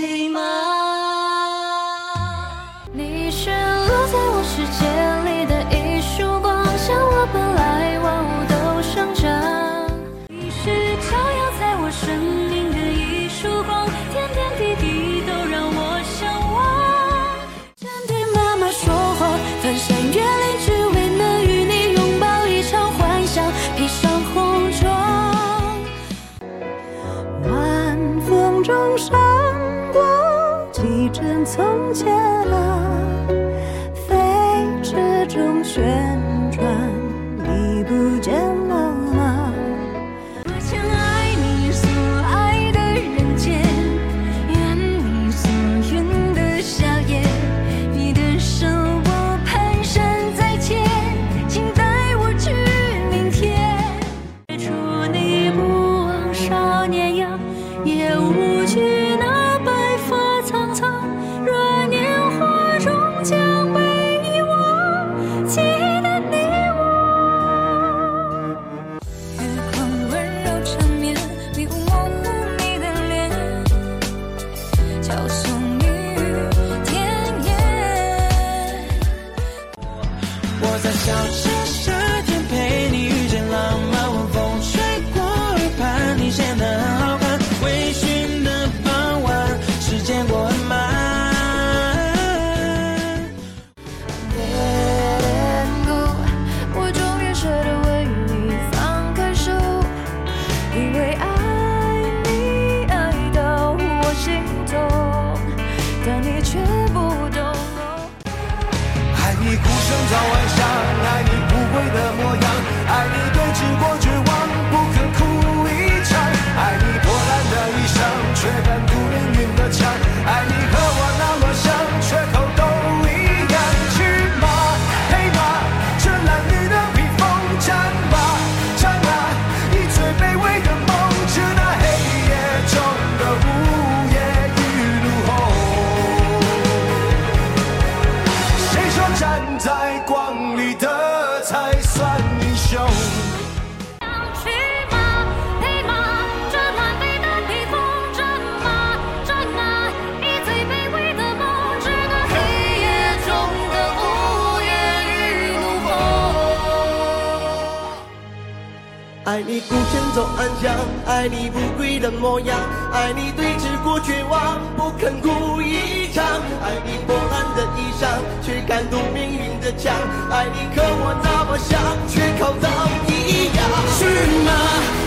美嗎？你是落在我世界。從前啊將被遺忘，記得你我。月光溫柔纏綿，迷霧模糊你的臉，教唆蜜語甜言。我，我在想。卻不懂，愛你孤身走暗巷，愛你不跪的模樣。在光裡的才算英雄。去嗎？配嗎？這襤褸的披風，戰嗎？戰啊，以最卑微的夢，致那黑夜中的嗚咽與怒吼。愛你孤身走暗巷，愛你不跪的模樣，愛你對峙過絕望，不肯哭一場。愛你，和我那麼像，缺口都一樣。去嗎？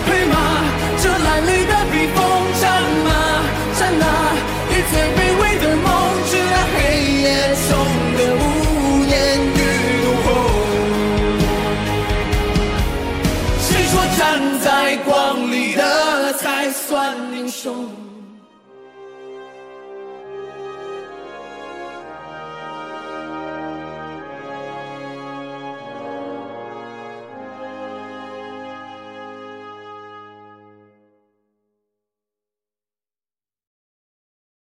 配嗎？這襤褸的披風；戰嗎？戰啊！以最卑微的夢，致那黑夜中的嗚咽與怒吼。誰說站在光裡的才算英雄？